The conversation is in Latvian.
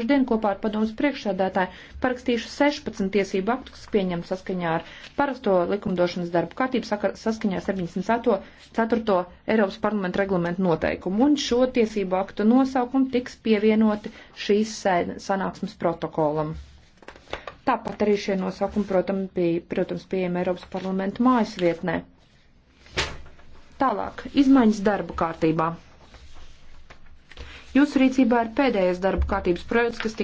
Šodien kopā ar padomus priekšsēdētāju parakstīšu 16 tiesību aktus, kas pieņemts saskaņā ar parasto likumdošanas darbu kārtību saskaņā ar 74. Eiropas parlamenta reglamentu noteikumu. Un šo tiesību aktu nosaukumu tiks pievienoti šīs sanāksmes protokolam. Tāpat arī šie nosaukumi, protams, bija, protams, pieejami Eiropas parlamenta mājas vietnē. Tālāk, izmaiņas darba kārtībā. Jūsu rīcībā ir pēdējais darba kārtības projekts, kas tika